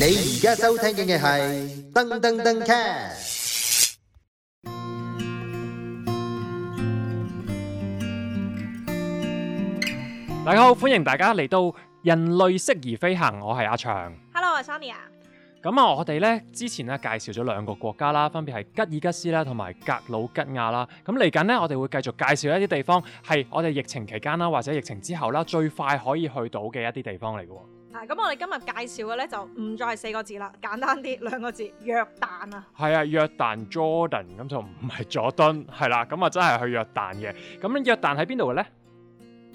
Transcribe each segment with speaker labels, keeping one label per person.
Speaker 1: 你而家收聽緊嘅係噔噔噔
Speaker 2: cast。
Speaker 1: 大家好，歡迎大家嚟到人類適宜飛行，我係阿長。
Speaker 2: Hello，Sonia。
Speaker 1: 咁啊，我哋咧之前咧介紹咗兩個國家啦，分別係吉爾吉斯啦同埋格魯吉亞啦。咁嚟緊咧，我哋會繼續介紹一啲地方，係我哋疫情期間啦或者疫情之後啦最快可以去到嘅一啲地方嚟嘅。
Speaker 2: 咁、啊、我哋今日介紹嘅咧就唔再係四個字啦，簡單啲，兩個字約旦啊。
Speaker 1: 係啊，約旦 Jordan，咁就唔係佐敦，係啦，咁啊真係去約旦嘅。咁約旦喺邊度嘅咧？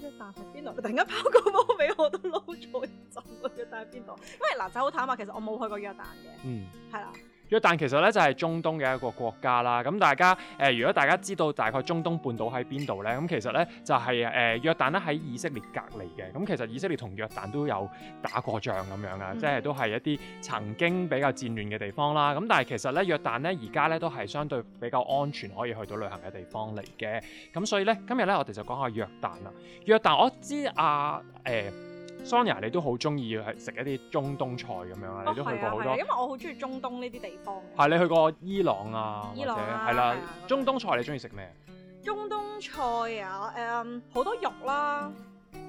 Speaker 2: 約旦喺邊度？突然間拋個波俾我，我都撈咗一浸。約旦喺邊度？因為嗱，仔、啊、好坦白，其實我冇去過約旦嘅。嗯，係啦、啊。
Speaker 1: 約旦其實咧就係中東嘅一個國家啦，咁大家誒、呃、如果大家知道大概中東半島喺邊度咧，咁其實咧就係、是、誒、呃、約旦咧喺以色列隔籬嘅，咁其實以色列同約旦都有打過仗咁樣啊，嗯、即係都係一啲曾經比較戰亂嘅地方啦，咁但係其實咧約旦咧而家咧都係相對比較安全可以去到旅行嘅地方嚟嘅，咁所以咧今日咧我哋就講下約旦啦，約旦我知啊、誒。呃 Sonia，你都好中意係食一啲中東菜咁樣啊？你都去過好多，因
Speaker 2: 為我好中意中東呢啲地方。
Speaker 1: 係你去過伊朗啊，伊朗係啦。中東菜你中意食咩？
Speaker 2: 中東菜啊，誒好多肉啦，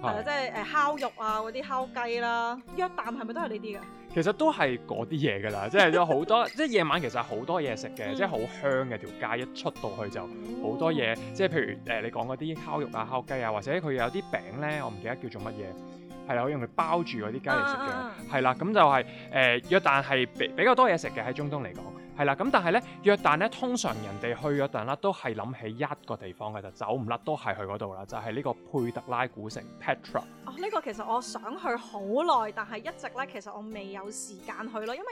Speaker 2: 係啊，即係誒烤肉啊，嗰啲烤雞啦。約旦係咪都係呢啲㗎？
Speaker 1: 其實都係嗰啲嘢㗎啦，即係有好多即係夜晚其實好多嘢食嘅，即係好香嘅條街，一出到去就好多嘢。即係譬如誒你講嗰啲烤肉啊、烤雞啊，或者佢有啲餅咧，我唔記得叫做乜嘢。係啦，可以用佢包住嗰啲雞嚟食嘅，係啦、啊啊，咁就係誒約旦係比比較多嘢食嘅喺中東嚟講，係啦，咁但係咧約旦咧通常人哋去約旦啦都係諗起一個地方嘅就走唔甩都係去嗰度啦，就係、係、呢個佩特拉古城 Petra。Pet 哦，
Speaker 2: 呢、呢個其實我想去好耐，但係一直咧其實我未有時間去咯，因為。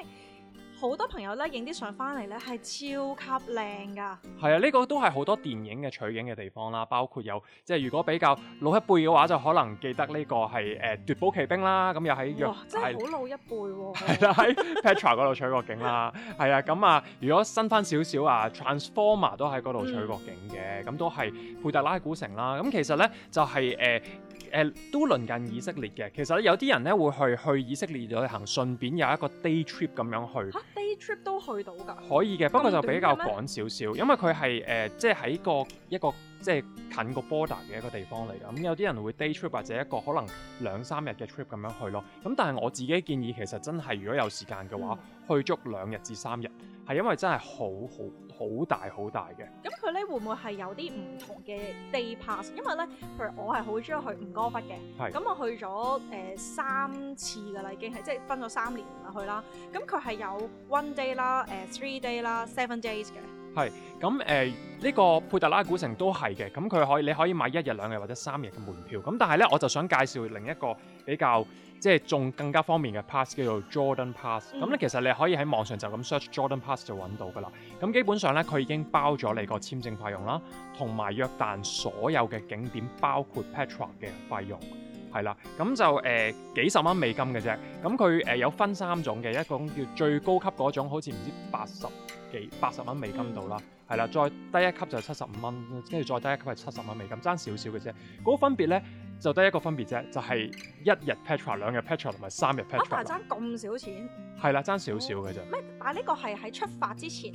Speaker 2: 好多朋友咧影啲相翻嚟咧係超級靚㗎，
Speaker 1: 係啊！呢、這個都係好多電影嘅取景嘅地方啦，包括有即係如果比較老一輩嘅話，就可能記得呢個係誒、呃、奪寶奇兵啦，咁又喺哇真係好
Speaker 2: 老一輩喎、啊，係
Speaker 1: 啦喺 Petra 嗰度取過景啦，係啊 的，咁啊，如果新翻少少啊，Transformer 都喺嗰度取過景嘅，咁、嗯、都係佩特拉古城啦，咁其實咧就係、是、誒。呃誒、呃、都鄰近以色列嘅，其實有啲人咧會去去以色列旅行，順便有一個 day trip 咁樣去。嚇、
Speaker 2: 啊，day trip 都去到㗎？可以嘅，不過就比較趕
Speaker 1: 少少，因為佢係誒即係喺個一個。一個即係近個波 o 嘅一個地方嚟㗎，咁、嗯、有啲人會 day trip 或者一個可能兩三日嘅 trip 咁樣去咯。咁、嗯、但係我自己建議其實真係如果有時間嘅話，嗯、去足兩日至三日，係因為真係好好好大好大嘅。
Speaker 2: 咁佢咧會唔會係有啲唔同嘅 day pass？因為咧，譬如我係好中意去吳哥窟嘅，咁是、嗯、我去咗誒、呃、三次㗎啦，已經係即係分咗三年去啦。咁佢係有 one day 啦、呃、誒 three day 啦、seven days 嘅。
Speaker 1: 係，咁誒呢個佩特拉古城都係嘅，咁佢可以你可以買一日兩日或者三日嘅門票，咁但係呢，我就想介紹另一個比較即係仲更加方便嘅 pass，叫做 Jordan Pass。嗯。咁呢其實你可以喺網上就咁 search Jordan Pass 就揾到㗎喇。咁基本上呢，佢已經包咗你個簽證費用啦，同埋約旦所有嘅景點包括 Petra 嘅費用。係啦，咁就誒、呃、幾十蚊美金嘅啫，咁佢誒有分三種嘅，一種叫最高級嗰種，好似唔知八十幾八十蚊美金度啦，係啦，再低一級就係七十五蚊，跟住再低一級係七十蚊美金，爭少少嘅啫，嗰、那個分別咧就得一個分別啫，就係、是、一日 Petra、兩日 Petra 同埋三日 Petra 爭
Speaker 2: 咁少錢，
Speaker 1: 係啦，爭少少嘅啫。咩、嗯？
Speaker 2: 但係呢個係喺出發之前。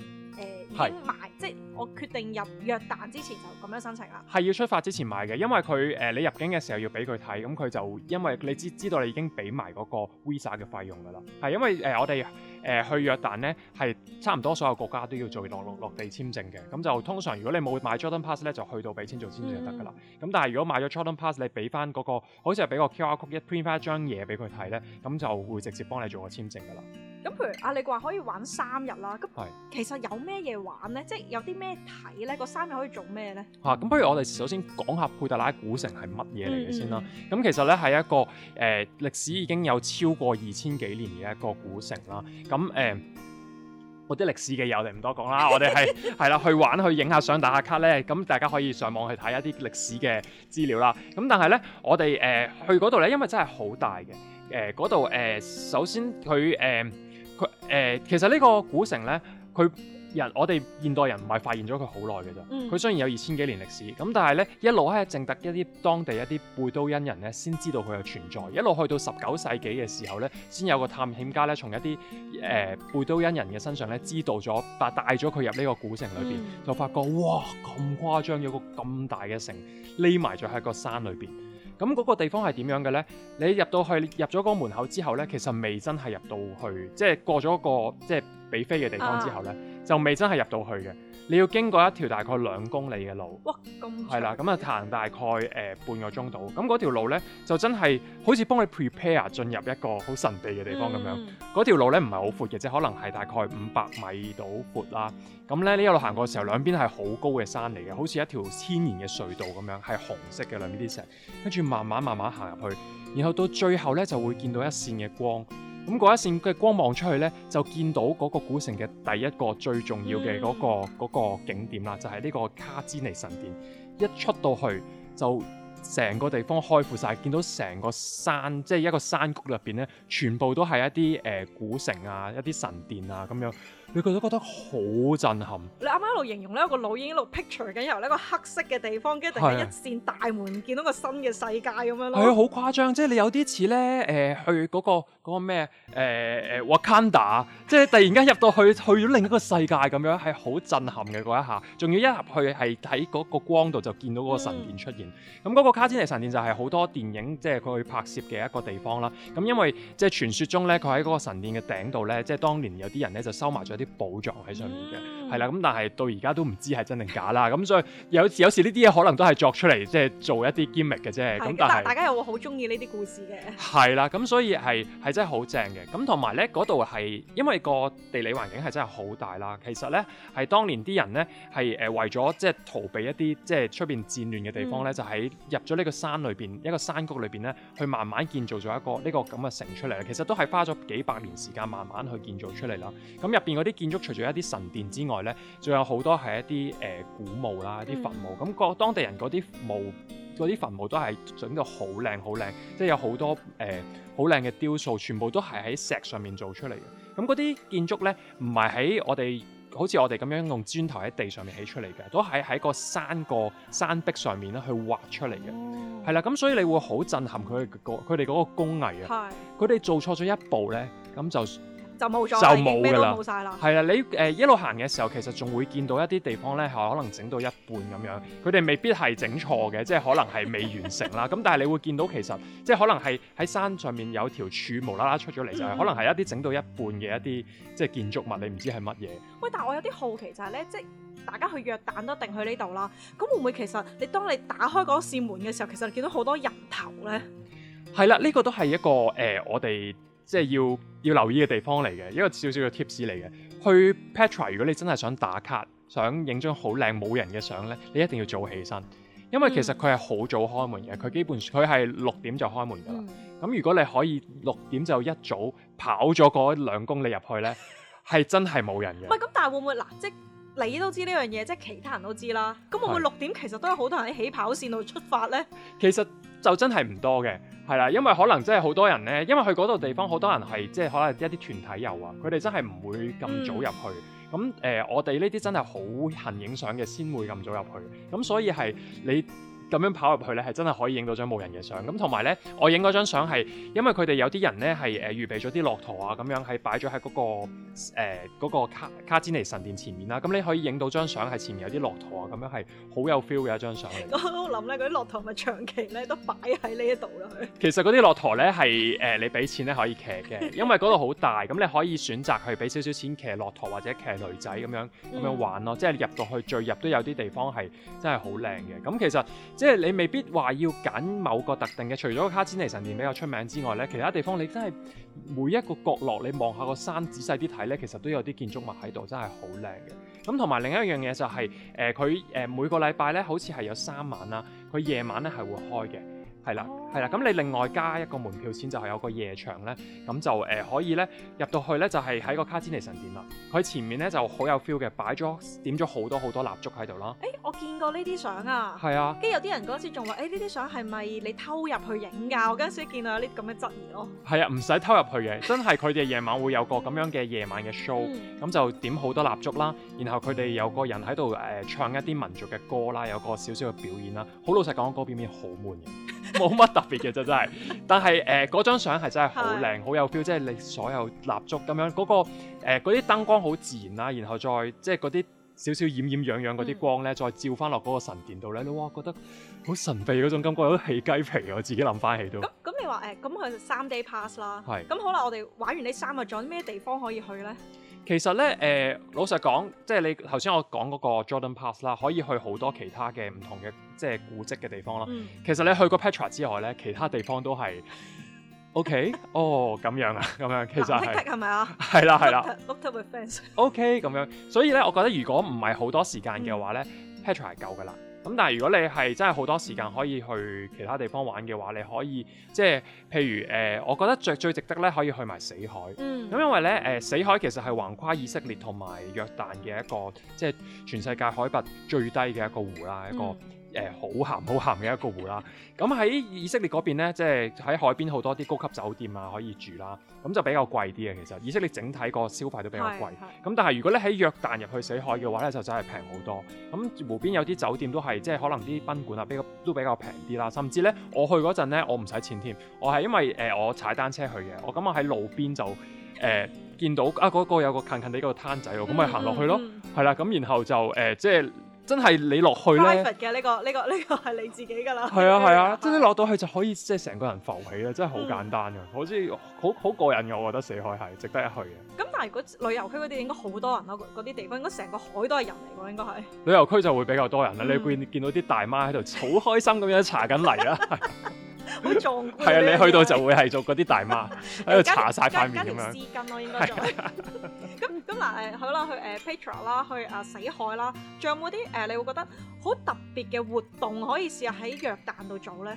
Speaker 2: 已經買，係，即係我決定入約旦之前就咁樣申請啦。
Speaker 1: 係要出發之前買嘅，因為佢誒、呃，你入境嘅時候要俾佢睇，咁佢就因為你知知道你已經俾埋嗰個 visa 嘅費用噶啦。係因為誒、呃，我哋。誒、呃、去約旦咧，係差唔多所有國家都要做落落落地簽證嘅。咁就通常如果你冇買 Jordan Pass 咧，就去到俾錢做簽證就得噶啦。咁、嗯、但係如果買咗 Jordan Pass，你俾翻嗰個，好似係俾個 QR code，一 print 翻一張嘢俾佢睇咧，咁就會直接幫你做個簽證噶啦。
Speaker 2: 咁譬如啊，你話可以玩三日啦，咁其實有咩嘢玩咧？是即係有啲咩睇咧？個三日可以做咩咧？
Speaker 1: 嚇、啊！咁不如我哋首先講下佩特拉古城係乜嘢嚟嘅先啦。咁、嗯嗯、其實咧係一個誒、呃、歷史已經有超過二千幾年嘅一個古城啦。嗯咁誒、呃，我啲歷史嘅嘢我哋唔多講啦， 我哋係係啦去玩，去影下相打下卡咧，咁大家可以上網去睇一啲歷史嘅資料啦。咁但係咧，我哋誒、呃、去嗰度咧，因為真係好大嘅，誒嗰度誒首先佢誒佢誒其實呢個古城咧佢人，我哋現代人唔係發現咗佢好耐嘅啫。佢、嗯、雖然有二千幾年歷史，咁但係咧一路係淨得一啲當地一啲貝都因人咧，先知道佢有存在。一路去到十九世紀嘅時候咧，先有個探險家咧，從一啲誒、呃、貝都因人嘅身上咧，知道咗，但帶咗佢入呢個古城裏邊，嗯、就發覺哇咁誇張，有個咁大嘅城匿埋咗喺個山裏邊。咁嗰個地方係點樣嘅咧？你入到去入咗個門口之後咧，其實未真係入到去，即、就、係、是、過咗個即係比飛嘅地方之後咧。啊就未真係入到去嘅，你要經過一條大概兩公里嘅路，
Speaker 2: 係啦，
Speaker 1: 咁啊行大概誒、呃、半個鐘度，咁、嗯、嗰條路呢，就真係好似幫你 prepare 進入一個好神秘嘅地方咁樣。嗰、嗯、條路呢，唔係好闊嘅，即可能係大概五百米到闊啦。咁咧呢一路行過嘅時候，兩邊係好高嘅山嚟嘅，好似一條天然嘅隧道咁樣，係紅色嘅兩邊啲石，跟住慢慢慢慢行入去，然後到最後呢，就會見到一線嘅光。咁嗰一線嘅光望出去咧，就見到嗰個古城嘅第一個最重要嘅嗰、那個嗯、個景點啦，就係、是、呢個卡茲尼神殿。一出到去就成個地方開闊晒，見到成個山，即、就、係、是、一個山谷入邊咧，全部都係一啲誒、呃、古城啊，一啲神殿啊咁樣。你佢都覺得好震撼。
Speaker 2: 你啱啱一路形容咧，個腦已經一路 picture 緊由呢個黑色嘅地方，跟住突然間一扇大門的見到個新嘅世界咁樣咯。係好
Speaker 1: 誇張！即係你有啲似咧誒去嗰、嗰個咩誒誒 Wakanda 即係突然間入到去去咗另一個世界咁樣，係好震撼嘅嗰一下。仲要一入去係喺嗰個光度就見到嗰個神殿出現。咁嗰、嗯、個卡姿尼神殿就係好多電影即係佢去拍攝嘅一個地方啦。咁因為即係傳說中咧，佢喺嗰個神殿嘅頂度咧，即係當年有啲人咧就收埋咗。啲寶藏喺上面嘅。係啦，咁但係到而家都唔知係真定假啦，咁 所以有時有時呢啲嘢可能都係作出嚟，即係做一啲 gimmick 嘅啫。咁 但係是大家
Speaker 2: 又會好中意呢啲故事
Speaker 1: 嘅。係啦，咁所以係係真係好正嘅。咁同埋咧，嗰度係因為個地理環境係真係好大啦。其實咧，係當年啲人咧係誒為咗即係逃避一啲即係出邊戰亂嘅地方咧，嗯、就喺入咗呢個山裏邊一個山谷裏邊咧，去慢慢建造咗一個呢個咁嘅城出嚟。其實都係花咗幾百年時間慢慢去建造出嚟啦。咁入邊嗰啲建築除咗一啲神殿之外，仲有好多係一啲誒、呃、古墓啦，一啲墳墓咁、嗯，那個當地人嗰啲墓啲墳墓，墓都係整到好靚好靚，即係、就是、有好多誒好靚嘅雕塑，全部都係喺石上面做出嚟嘅。咁嗰啲建築咧，唔係喺我哋好似我哋咁樣用磚頭喺地上面起出嚟嘅，都係喺個山個山壁上面咧去畫出嚟嘅。係啦，咁所以你會好震撼佢佢哋嗰個工藝啊。係的，佢哋做錯咗一步咧，咁就。
Speaker 2: 就冇咗，就冇㗎啦，冇晒啦，係
Speaker 1: 啦，你誒、呃、一路行嘅時候，其實仲會見到一啲地方咧，係可能整到一半咁樣，佢哋未必係整錯嘅，即係可能係未完成啦。咁 但係你會見到其實，即係可能係喺山上面有條柱無啦啦出咗嚟，嗯、就係可能係一啲整到一半嘅一啲即係建築物，你唔知係乜嘢。
Speaker 2: 喂，但係我有啲好奇就係、是、咧，即係大家去約旦都定去呢度啦，咁會唔會其實你當你打開嗰扇門嘅時候，其實你見到好多人頭咧？
Speaker 1: 係啦，呢、這個都係一個誒、呃，我哋。即係要要留意嘅地方嚟嘅，一個少少嘅 tips 嚟嘅。去 Petra，如果你真係想打卡、想影張好靚冇人嘅相咧，你一定要早起身，
Speaker 2: 因為其實佢
Speaker 1: 係好早開門嘅，佢、嗯、基本佢係六點就開門㗎啦。咁、嗯、如果你可以六點就一早跑咗嗰兩公里入去咧，係 真係冇人嘅。喂，
Speaker 2: 咁但係會唔會嗱？即你都知呢樣嘢，即係其他人都知啦。咁會唔會六點其實都有好多人喺起跑線度出發咧？是
Speaker 1: 其實就真係唔多嘅。係啦，因為可能真係好多人咧，因為去嗰度地方，好多人係即係可能一啲團體遊啊，佢哋真係唔會咁早入去。咁誒、嗯呃，我哋呢啲真係好恨影相嘅，先會咁早入去。咁所以係你。咁樣跑入去咧，係真係可以影到張冇人嘅相。咁同埋咧，我影嗰張相係因為佢哋有啲人咧係誒預備咗啲駱駝啊，咁樣係擺咗喺嗰個誒、呃嗰個、卡卡茲尼神殿前面啦。咁、啊、你可以影到張相係前面有啲駱駝啊，咁樣係好有 feel 嘅一張相嚟。 我諗
Speaker 2: 咧，嗰啲駱駝咪長期咧都擺喺呢度
Speaker 1: 咯。 其實嗰啲駱駝咧係誒你俾錢咧可以騎嘅， 因為嗰度好大，咁你可以選擇去俾少少錢騎駱駝或者騎女仔咁樣咁樣玩咯。即係入到去最入都有啲地方係真係好靚嘅。咁 其實即係你未必話要揀某個特定嘅，除咗卡姿尼神殿比較出名之外咧，其他地方你真係每一個角落你望下個山，仔細啲睇咧，其實都有啲建築物喺度，真係好靚嘅。咁同埋另一樣嘢就係、是，誒佢誒每個禮拜咧，好似係有三晚啦，佢夜晚咧係會開嘅。係啦，係啦。咁、oh. 你另外加一個門票先，就係有個夜場咧。咁就誒、呃、可以咧入到去咧，就係喺個卡姿尼神殿啦。佢前面咧就好有 feel 嘅，擺咗點咗好多好多蠟燭喺度啦。誒、欸，
Speaker 2: 我見過呢啲相啊。係啊，跟住有啲人嗰陣時仲話：誒呢啲相係咪你偷入去影㗎？我嗰陣時見到有啲咁嘅質疑咯。
Speaker 1: 係啊，唔使偷入去嘅，真係佢哋夜晚會有個咁樣嘅夜晚嘅 show。咁 就點好多蠟燭啦，然後佢哋有個人喺度誒唱一啲民族嘅歌啦，有個少少嘅表演啦。好老實講，個表演好悶嘅。冇乜 特別嘅就真係。但係誒，嗰、呃、張相係真係好靚，好的有 feel，即係你所有蠟燭咁樣，嗰、那個嗰啲、呃、燈光好自然啦，然後再即係嗰啲少少掩掩養養嗰啲光咧，再照翻落嗰個神殿度咧，哇，覺得好神秘嗰種感覺，有啲起雞皮，我自己諗翻起都。
Speaker 2: 咁咁你話誒，咁、呃、佢三 day pass 啦，係的。咁好啦，我哋玩完呢三日，仲有咩地方可以去咧？
Speaker 1: 其實咧，誒、呃、老實講，即係你頭先我講嗰個 Jordan Pass 啦，可以去好多其他嘅唔同嘅即係古跡嘅地方咯。嗯、其實你去過 Petra 之外咧，其他地方都係 OK。 哦，咁樣啊，咁樣其實係係咪
Speaker 2: 啊？係 啦，係啦。Looked up,
Speaker 1: look up with friends。 OK，咁樣，所以咧，我覺得如果唔係好多時間嘅話咧，Petra 係夠㗎啦。咁但係如果你係真係好多時間可以去其他地方玩嘅話，你可以即係譬如誒、呃，我覺得最最值得咧，可以去埋死海。咁、嗯、因為咧誒、呃，死海其實係橫跨以色列同埋約旦嘅一個，即係全世界海拔最低嘅一個湖啦，嗯、一個。誒好、呃、鹹好鹹嘅一個湖啦，咁 喺以色列嗰邊咧，即係喺海邊好多啲高級酒店啊可以住啦，咁就比較貴啲嘅其實。以色列整體個消費都比較貴，咁是是 但係如果咧喺約旦入去死海嘅話咧，是的 就真係平好多。咁湖邊有啲酒店都係即係可能啲賓館啊比較都比較平啲啦，甚至咧我去嗰陣咧我唔使錢添，我係因為誒、呃、我踩單車去嘅，我咁我喺路邊就誒、呃、見到啊嗰、那個有個近近地一個攤仔喎，咁咪行落去咯，係啦、嗯嗯，咁然後就誒即係。真係你落去咧嘅呢、這
Speaker 2: 個呢、這個呢、這個係你自己㗎啦。係啊係啊，
Speaker 1: 即係落到去就可以即係成個人浮起啦，真係好簡單㗎、嗯，好似好好過癮㗎。我覺得死海係值得一去嘅。
Speaker 2: 咁但係如果旅遊區嗰啲應該好多人咯，嗰啲地方應該成個海都係人嚟㗎，應該係。
Speaker 1: 旅遊區就會比較多人啦，嗯、你會見到啲大媽喺度好開心咁樣查緊泥啊。
Speaker 2: 好壯觀！係啊，你去到就
Speaker 1: 會係做嗰啲大媽喺度搽晒，塊 面咁樣。絲巾咯，啊，
Speaker 2: 應該。咁咁嗱誒，好去、呃、ra, 啦，去誒 Petra 啦、去、呃、啊死海啦。仲有冇啲誒？你會覺得好特別嘅活動可以試下喺約旦度做咧？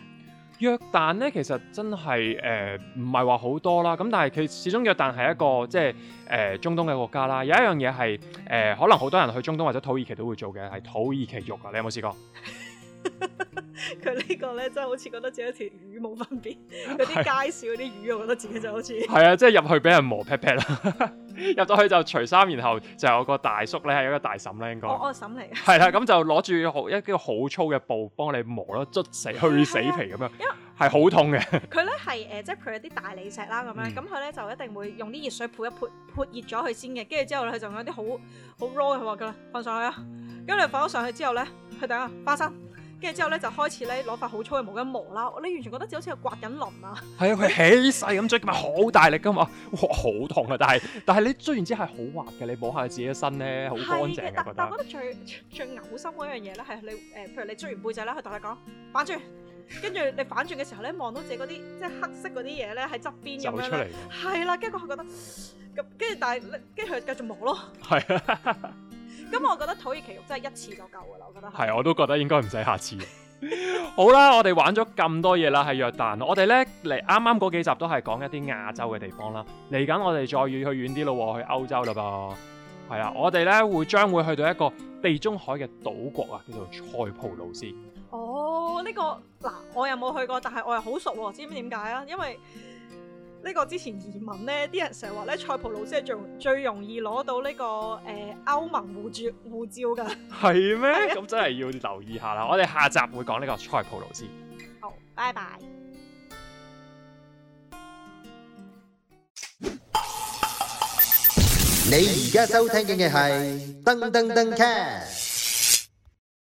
Speaker 1: 約旦咧，其實真係誒唔係話好多啦。咁但係佢始終約旦係一個即係誒、呃、中東嘅國家啦。有一樣嘢係誒，可能好多人去中東或者土耳其都會做嘅係土耳其肉啊。你有冇試過？
Speaker 2: 佢呢個咧，真係好似覺得自己一條魚冇分別。嗰啲街市嗰啲魚，是我覺得自己就好似係啊！
Speaker 1: 即係入去俾人磨 pat 啦，入 咗去就除衫，然後就有個大叔咧，係一個大嬸咧應該。哦、我我
Speaker 2: 嬸嚟。係啦、啊，
Speaker 1: 咁就攞住一啲好粗嘅布幫你磨咯，捽死去死皮咁樣。啊、因為係好痛嘅。
Speaker 2: 佢咧係誒，即係佢有啲大理石啦咁樣，咁佢咧就一定會用啲熱水潑一潑，潑熱咗佢先嘅。跟住之後咧，佢仲有啲好好 raw 佢話嘅，放上去啊。咁你放咗上，上去之後咧，佢等下花生。跟住之後咧，就開始咧攞塊好粗嘅毛巾磨啦。你完全覺得自己好似係刮緊鱗啊！
Speaker 1: 係啊，佢起勢咁捽，咁咪好大力噶嘛，哇，好痛啊！但係，但係你捽完之後係好滑嘅，你摸下自己嘅身咧，好乾淨但、啊、的覺得。我
Speaker 2: 覺得最最嘔心嗰樣嘢咧，係你誒，譬如你捽完背脊咧，佢同你講反轉，跟住你反轉嘅時候咧，望到自己嗰啲即係黑色嗰啲嘢咧喺側邊出嚟咁樣，係啦，跟住佢覺得咁，跟住但係跟住佢繼續磨咯。係啊。咁我覺得土耳其肉真係一次就夠噶啦，我覺得係，
Speaker 1: 我都覺得應該唔使下次。 好啦，我哋玩咗咁多嘢啦，係約旦。我哋呢嚟啱啱嗰幾集都係講一啲亞洲嘅地方啦。嚟緊我哋再要去遠啲咯，去歐洲啦噃。係啊，我哋呢會將會去到一個地中海嘅島國啊，叫做塞浦路斯。
Speaker 2: 哦，呢個嗱，我又冇去過，但係我又好熟，知唔知點解啊？因為呢個之前移民咧，啲人成日話咧，塞浦路斯係最最容易攞到呢、呢個誒、呃、歐盟護住護照噶。
Speaker 1: 係咩 嗎？咁 真係要留意下啦。我哋下集會講呢個塞浦路斯。
Speaker 2: 好，拜拜。
Speaker 1: 你而家收聽緊嘅係登登登 cast。